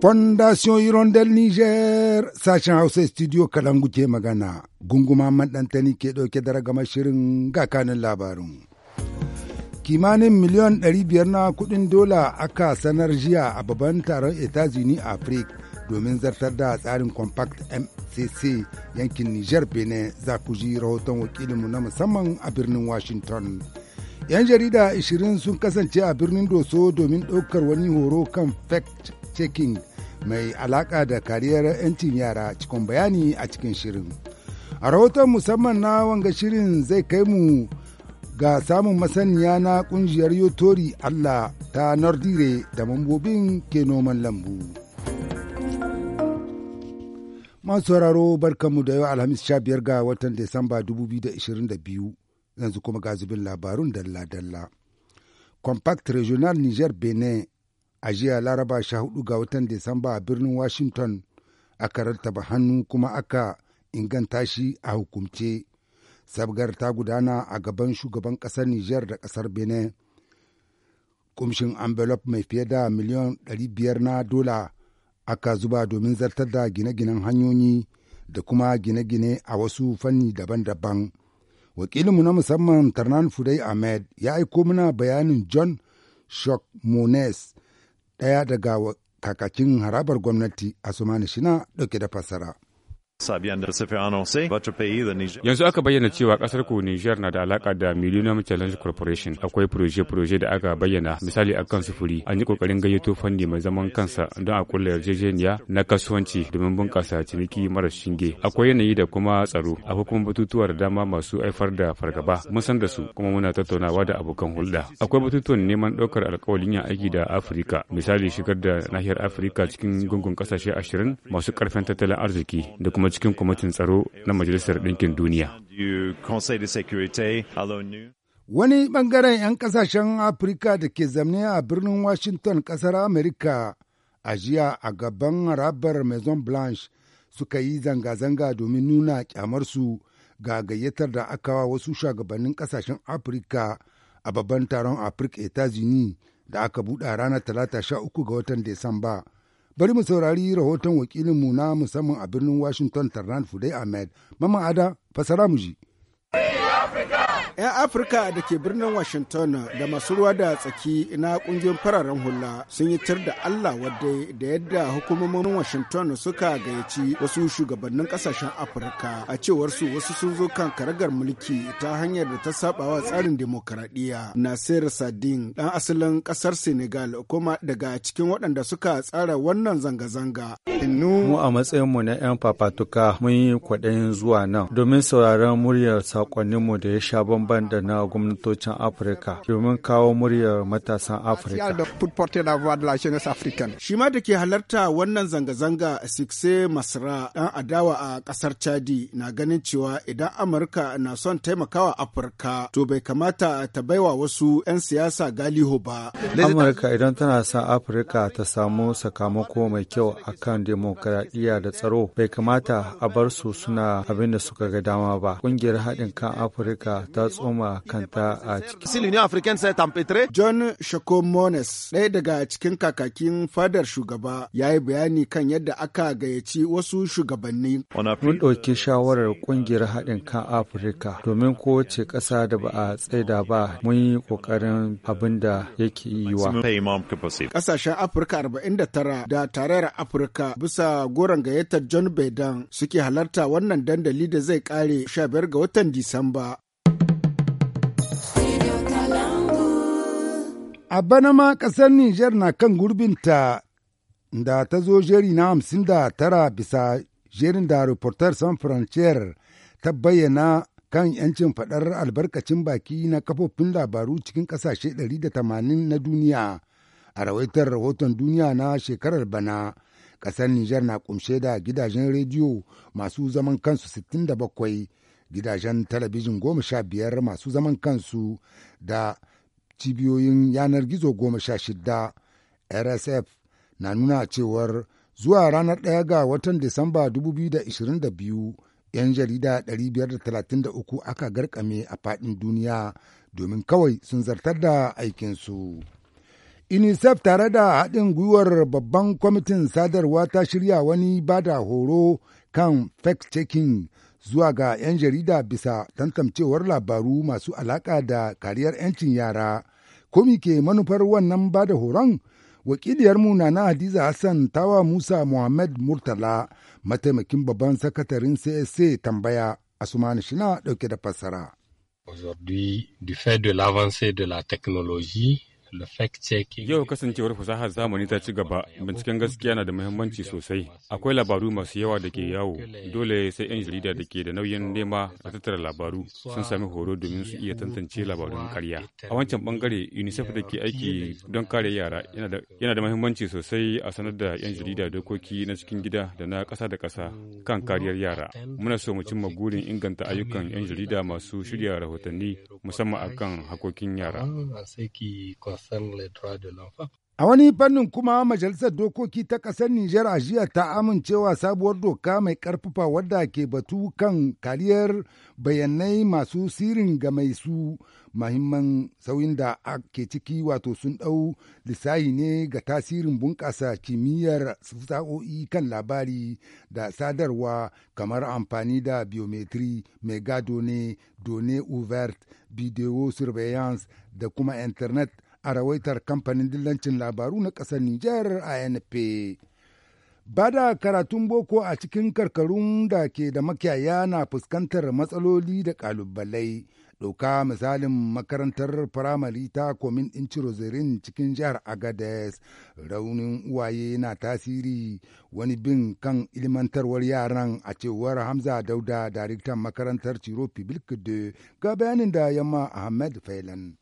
Fondation Hirondel Niger sashen Hausa studio Kalangu ke magana gunguma maɗantani ke ɗauke da ragamar shirin ga kanin labarin. Kimanin miliyon 500 na kuɗin dola aka sanar jiya a babban taron Etazini Africa domin zartar da tsarin Compact MCC yankin Niger bene za ku ji rahoton wakilinmu na musamman a birnin Washington. 'Yan jarida 20 sun kasance a birnin Doso domin ɗaukar wani horo kan fact checking mai alaƙa da kariyar 'yancin yara cikin bayani a cikin shirin a rahoton musamman na wanga shirin zai kai mu ga samun masaniya na kungiyar yotori allah ta nordire da mambobin ke noman lambu masu sauraro barkanmu da yau alhamis 15 ga watan disamba 2022 yanzu kuma ga zubin labarun dalla-dalla compact regional niger benin a jiya laraba sha hudu ga watan Disamba a birnin Washington a aka rattaba hannu kuma aka inganta shi a hukumce. Sabgar ta gudana a gaban shugaban ƙasar Nijar da ƙasar Benin. Kumshin envelope mai fiye da miliyan 500 na dola aka zuba domin zartar da gine-ginen hanyoyi da kuma gine-gine a wasu fanni daban-daban. Wakilinmu na musamman Tarnan Fudai Ahmed ya aiko mana bayanin John Shock Mones ɗaya daga kakakin harabar gwamnati a sumani Shina ɗauke da fassara. Yanzu aka bayyana cewa kasar ku Niger na da alaka da Millennium Challenge Corporation. Akwai proje-proje da aka bayyana misali a kan sufuri. An yi kokarin gayyato fanni mai zaman kansa don a kulla yarjejeniya na kasuwanci domin bunƙasa ciniki mara shinge. Akwai yanayi da kuma tsaro. Akwai kuma batutuwa da dama masu haifar da fargaba. Mun san da su kuma muna tattaunawa da abokan hulɗa. Akwai batutuwan neman ɗaukar alƙawalin yin aiki da Afirka. Misali shigar da nahiyar Afirka cikin gungun ƙasashe ashirin masu ƙarfin tattalin arziki da kuma cikin kwamitin tsaro na Majalisar Ɗinkin Duniya. Wani ɓangaren 'yan ƙasashen Afirka da ke zamne a birnin Washington ƙasar Amerika a jiya a gaban rabar Maison Blanche suka yi zanga-zanga domin nuna kyamarsu ga gayyatar da aka wa wasu shugabannin ƙasashen Afirka a babban taron Afirka Etazini da aka buɗa ranar talata sha uku ga watan Desamba. Bari mu saurari rahoton wakilinmu na musamman a birnin Washington Tarnan Fudai Ahmed. Mama Ada, fasara mu ji. Africa! 'Yan Afirka da ke birnin Washington da masu ruwa da tsaki na kungiyar fararen hula sun yi tar da Allah wadda da yadda hukumomin Washington suka gayyaci wasu shugabannin kasashen Afirka a cewar su wasu sun zo kan karagar mulki ta hanyar da ta sabawa tsarin demokaradiyya. Nasir Sadin dan asalin kasar Senegal kuma daga cikin waɗanda suka tsara wannan zanga-zanga. Mu a mu na 'yan fafatuka mun yi kwaɗayin zuwa nan domin sauraron muryar saƙonninmu da ya sha bamban da na gwamnatocin Afirka domin kawo muryar matasan Afirka. Shi ma da ke halarta wannan zanga-zanga Sikse Masra dan adawa a kasar Chadi na ganin cewa idan Amurka na son taimakawa Afirka to bai kamata ta baiwa wasu 'yan siyasa galiho ba. Amurka idan tana son Afirka ta samu sakamako mai kyau a kan demokaradiyya da tsaro bai kamata a bar su suna abin da suka ga dama ba. Ƙungiyar haɗin kan Afirka ta tsoma kanta a ciki. John Shakomones, ɗaya daga cikin kakakin fadar shugaba, ya yi bayani kan yadda aka gayyaci wasu shugabanni. Mun ɗauki shawarar euh, ƙungiyar haɗin kan Afirka domin kowace ƙasa da ba a tsaida ba mun yi ƙoƙarin abin da yake yi wa. Ƙasashen Afirka 49 da tarayyar Afirka bisa goron gayyatar John Baidan suke halarta wannan dandali da zai ƙare 15 ga watan Disamba. A bana ma ƙasar Nijar na kan gurbinta da ta zo jeri na hamsin da tara bisa jerin da Reporter San Frontier ta bayyana kan 'yancin faɗar albarkacin baki na kafofin labaru cikin kasashe 180 na duniya a rawaitar rahoton duniya na shekarar bana. Ƙasar Nijar na ƙumshe da gidajen rediyo masu zaman kansu 67, gidajen talabijin 15 masu zaman kansu da cibiyoyin yanar gizo goma sha shida rsf na nuna cewar zuwa ranar ɗaya ga watan disamba 2022 'yan jarida 533 aka garkame a faɗin duniya domin kawai sun zartar da aikinsu. unicef tare da haɗin gwiwar babban kwamitin sadarwa ta shirya wani bada horo kan fact-checking zuwa ga 'yan jarida bisa tantancewar labaru masu alaƙa da kariyar 'yancin yara. Komi ke manufar wannan ba da horon? Wakiliyarmu na Hadiza Hassan tawa Musa Muhammad Murtala, mataimakin babban sakatarin CSA tambaya, Asumani Shina ɗauke da fassara. Aujourd'hui, du fait de l'avancée de la technologie, Yau kasancewar fasahar zamani ta ci gaba, binciken gaskiya na da muhimmanci sosai. Akwai labaru masu yawa da ke yawo, dole sai 'yan jarida da ke da nauyin nema a tattara labaru sun sami horo domin su iya tantance labarun karya. A wancan bangare, UNICEF da ke aiki don kare yara yana da muhimmanci sosai a sanar da 'yan jarida dokoki na cikin gida da na ƙasa da ƙasa kan kariyar yara. Muna so mu cimma burin inganta ayyukan 'yan jarida masu shirya rahotanni musamman akan hakokin yara. Letra de l'enfant A wani fannin kuma Majalisar Dokoki ta ƙasar Nijar a jiya ta amincewa sabuwar doka mai ƙarfafa wadda ke batu kan kariyar bayanai masu sirin ga mai su mahimman sauyin da ke ciki wato sun ɗau lissahi ne ga tasirin bunƙasa kimiyyar sa'o'i kan labari da sadarwa kamar amfani da biometri mai gado ne, done ouvert, video surveillance da kuma internet. a rawaitar kamfanin dillancin labaru na ƙasar Nijar INP. Ba da karatun boko a cikin karkarun da ke da makiyaya na fuskantar matsaloli da ƙalubalai. Ɗauka misalin makarantar firamare ta komin ɗin Cirozirin cikin jihar Agades, raunin uwaye na tasiri wani bin kan ilmantarwar yaran a cewar Hamza Dauda, daraktan makarantar Ciro Public de ga bayanin da yamma Ahmed Failan.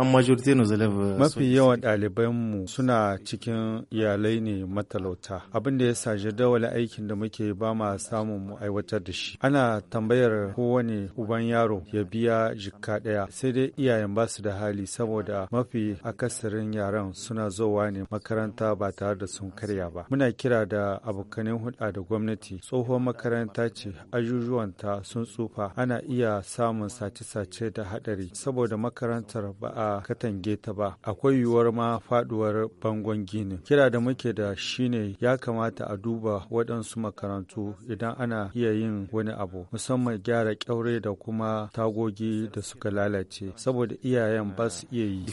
Euh, mafi yawan ɗalibanmu suna cikin iyalai ne matalauta. Abin da ya sa jadawalin aikin da muke ba ma samun mu aiwatar da shi. Ana tambayar kowane uban yaro ya biya jikka ɗaya sai dai iyayen ba su da hali saboda mafi akasarin yaran suna zowa ne makaranta ba tare da sun karya ba. Muna kira da abokanin hulɗa da gwamnati tsohon makaranta ce ajujuwanta sun tsufa ana iya samun sace-sace da haɗari saboda makarantar ba a ba katange ta ba akwai yiwuwar ma faduwar bangon gini kira da muke da shine ya kamata a duba waɗansu makarantu idan ana iya yin wani abu musamman gyara kyaure da kuma tagogi da suka lalace saboda iyayen ba su iya yi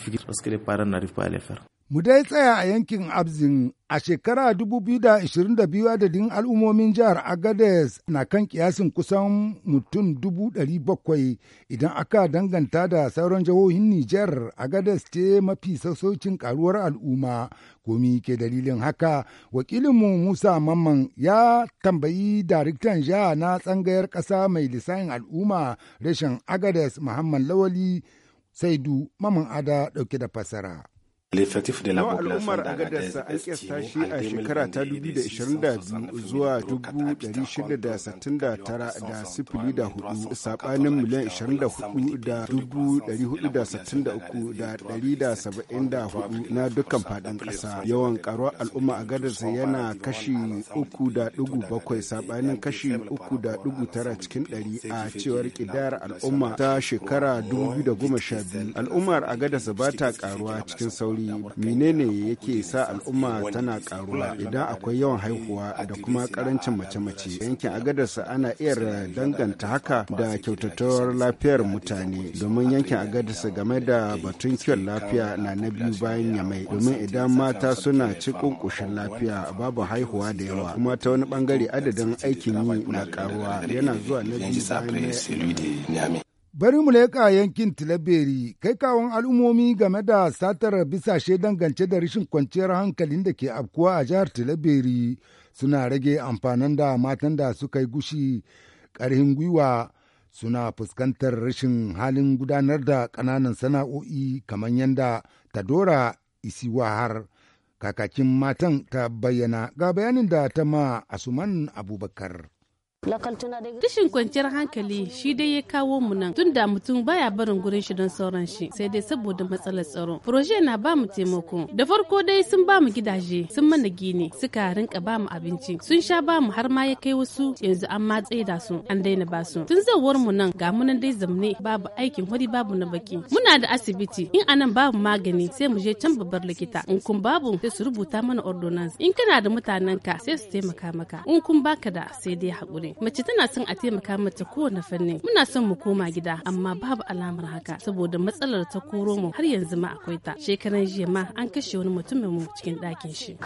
Mu dai tsaya a yankin Abzin a shekara 2022 adadin al'ummomin jihar Agades na kan kiyasin kusan mutum 700,000 idan aka danganta da sauran jihohin Nijar Agades ce mafi sassaucin karuwar al'umma komi ke dalilin haka wakilinmu Musa Mamman ya tambayi daraktan jiha na tsangayar ƙasa mai lisanin al'umma reshen Agades Muhammad Lawali Saidu Mamman Ada ɗauke da fasara. Yawan al'ummar agadarsa an kyasta shi a shekara ta 2022 zuwa hudu sabanin miliyan 24,463,174 na dukkan fadin kasa. Yawan karuwar al'umma agadarsa yana kashi 3.7 sabanin kashi 3.9 cikin 100 a cewar kidayar al'umma ta shekara 2012. Al'ummar agadarsa ba ta karuwa cikin sauri menene yake sa al'umma tana karuwa idan akwai yawan haihuwa da kuma karancin mace-mace yankin agadarsa ana iya danganta haka da kyautattawar lafiyar mutane domin yankin agadarsa game da batun kiwon lafiya na na biyu bayan yamai domin idan mata suna cikin kushin lafiya babu haihuwa da yawa kuma ta wani bangare adadin aikin yi na karuwa yana zuwa na biyu bayan Bari mu leƙa yankin Tilaberi, kai kawon al'ummomi game da satar bisashe dangance da rashin kwanciyar hankalin da ke afkuwa a jihar Tilaberi suna rage amfanin da matan da suka yi gushi ƙarhin gwiwa suna fuskantar rashin halin gudanar da ƙananan sana'o'i kamar yadda ta dora isi wahar kakakin matan ta bayyana ga bayanin da ta ma Asuman Abubakar. Tashin kwanciyar hankali shi dai ya kawo mu nan tunda mutum baya barin gurin shi don sauran shi sai dai saboda matsalar tsaro. Proje na ba mu taimako. Da farko dai sun ba mu gidaje, sun mana gini, suka rinka ba mu abinci, sun sha ba mu har ma ya kai wasu yanzu an ma da su, an daina ba su. Tun zawar mu nan ga mu nan dai zamne babu aikin wari babu na baki. Muna da asibiti, in anan babu magani sai mu je can babbar likita. In kun babu sai su rubuta mana ordonance. In kana da mutanenka sai su taimaka maka. In kun baka da sai dai haƙuri. mace tana son a taimaka mata kowane fanni muna son mu koma gida amma babu alamar haka saboda matsalar ta koro mu har yanzu ma akwai ta shekaran jiya ma an kashe wani mutumin mu cikin ɗakin shi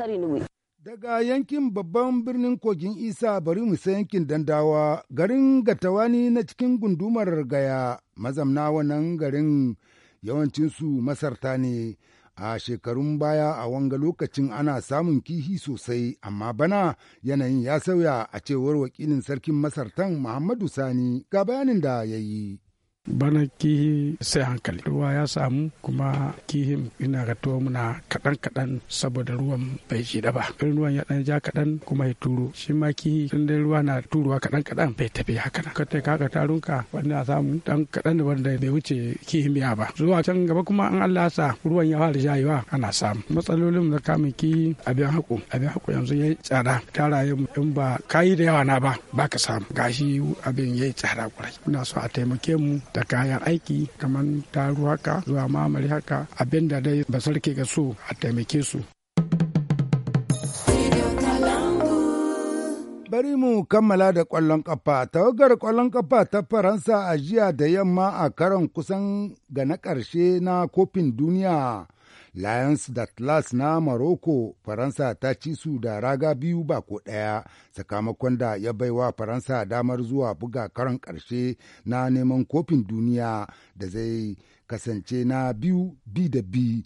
Daga yankin babban birnin kogin Isa bari mu sai yankin Dandawa, garin Gatawani na cikin gundumar Gaya, mazamna wannan garin yawancinsu masarta ne, A shekarun baya a wanga lokacin ana samun kihi sosai, amma bana yanayin ya sauya a cewar wakilin sarkin Masartan Muhammadu Sani ga bayanin da ya yi. bana kihi sai hankali ruwa ya samu kuma kihin ina ga muna kaɗan kaɗan saboda ruwan bai da ba in ruwan ya ɗan ja kaɗan kuma ya turo shi ma kihi tun dai ruwa na turuwa kaɗan kaɗan bai tafi haka nan kai ka tarunka wanda a samu dan kaɗan da wanda bai wuce kihin ya ba zuwa can gaba kuma an Allah sa ruwan ya fara jayewa ana samu matsalolin da kamun kihi abin haƙo abin haƙo yanzu ya yi tsada tara in ba kayi da yawa na ba ba ka samu gashi abin ya yi tsada kwarai muna so a taimake mu da kayan aiki kamar taru haka zuwa mamari haka abin da dai ba sarki ga so a taimake su bari mu kammala da ƙwallon ƙafa. Tawagar ƙwallon ƙafa ta Faransa a jiya da yamma a karon kusan ga na ƙarshe na kofin duniya Lions d'Atlas na Morocco, Faransa ta ci su da raga biyu ba ko ɗaya, sakamakon da ya baiwa Faransa damar zuwa buga karon ƙarshe na neman kofin duniya da zai kasance na biyu bi da bi.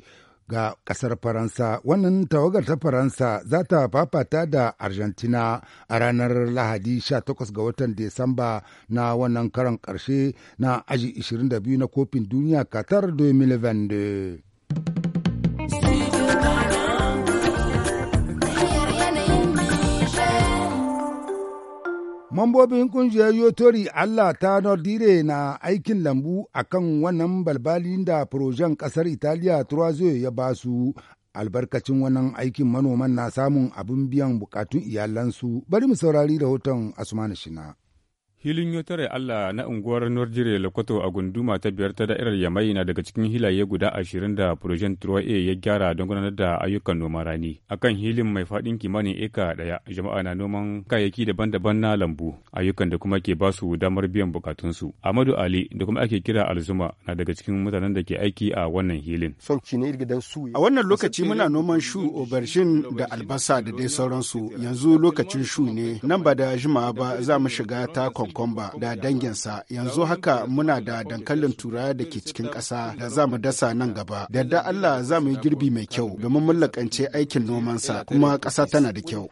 ga ƙasar Faransa. Wannan tawagar ta Faransa za ta fafata da Argentina a ranar Lahadi 18 ga watan Desamba na wannan karon ƙarshe na aji 22 na kofin duniya Qatar 2022. Mambobin kungiyar Yotori Allah ta Nordire na aikin lambu akan wannan balbalin da furojen ƙasar Italiya Turazio ya ba su albarkacin wannan aikin manoman na samun abin biyan bukatun iyalansu. Bari mu saurari rahoton Asmanu Shina. Hilin Yotare Allah na unguwar Norjire Lokoto a gunduma ta biyar ta da'irar Yamai na daga cikin hilaye guda ashirin da Projen Troye ya gyara don gudanar da ayyukan noman rani. A kan hilin mai faɗin kimanin eka ɗaya, jama'a na noman kayayyaki daban-daban na lambu, ayyukan da kuma ke ba su damar biyan bukatunsu. Amadu Ali da kuma ake kira Alzuma na daga cikin mutanen da ke aiki a wannan hilin. A wannan lokaci muna noman shu, obershin da albasa da dai sauransu. Yanzu lokacin shu ne, nan ba da jimawa ba za mu shiga takon kwamba da danginsa yanzu haka muna da dankalin turawa da ke cikin ƙasa da za mu dasa nan gaba da da Allah za mu yi girbi mai kyau domin mallakance aikin nomansa kuma ƙasa tana da kyau.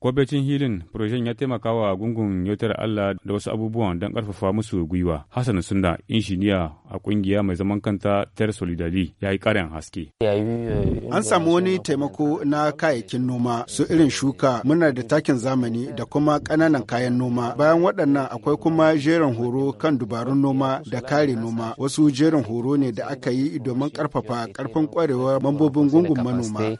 Kwabecin hilin projen ya taimaka wa gungun yautar Allah da wasu abubuwan don ƙarfafa musu gwiwa. Hassan Sunda injiniya a ƙungiya mai zaman kanta Ter Solidali ya yi ƙarin haske. An samu wani taimako na kayayyakin noma su irin shuka muna da takin zamani da kuma ƙananan kayan noma bayan waɗannan waɗannan akwai kuma jerin horo kan dubarun noma da kare noma wasu jerin horo ne da aka yi domin karfafa karfin kwarewar mambobin gungun manoma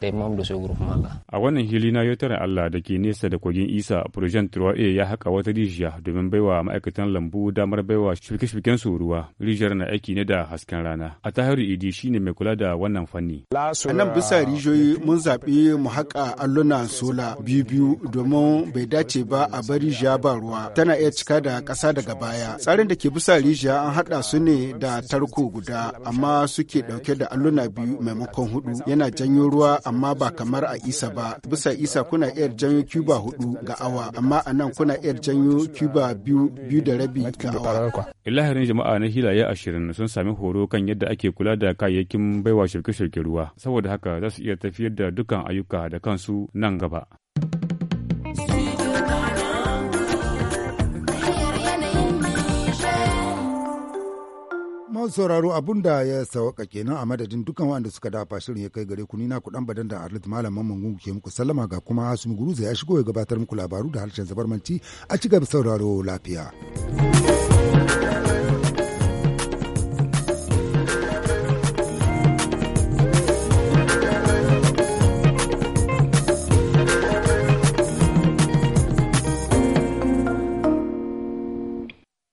a wannan hili na yotar allah da ke nesa da kogin isa projen a ya haka wata rijiya domin baiwa ma'aikatan lambu damar baiwa shuke-shuken su ruwa rijiyar na aiki ne da hasken rana a tahiru idi shine mai kula da wannan fanni a nan bisa rijiyoyi mun zaɓi mu haƙa alluna sola biyu biyu domin bai dace ba a bari rijiya ba ruwa tana iya cika da ƙasa daga baya. Tsarin da ke bisa rijiya an haɗa su ne da tarko guda amma suke ɗauke da alluna biyu maimakon hudu yana janyo ruwa amma ba kamar a isa ba. Bisa isa kuna iya janyo cuba hudu ga awa amma a nan kuna iya janyo cuba biyu biyu da rabi ga awa. Ilaharin jama'a na hilaye ashirin sun sami horo kan yadda ake kula da kayayyakin baiwa shirke-shirke ruwa saboda haka za su iya tafiyar da dukkan ayyuka da kansu nan gaba. masu sauraro abun da ya sauka kenan a madadin dukkan waɗanda suka dafa shirin ya kai gare ku nina kuɗan badan da Arlit mun gungu ke muku sallama ga kuma Hasumi Guruza ya shigo ya gabatar muku labaru da harshen zabarmanci a ci gaba sauraro lafiya.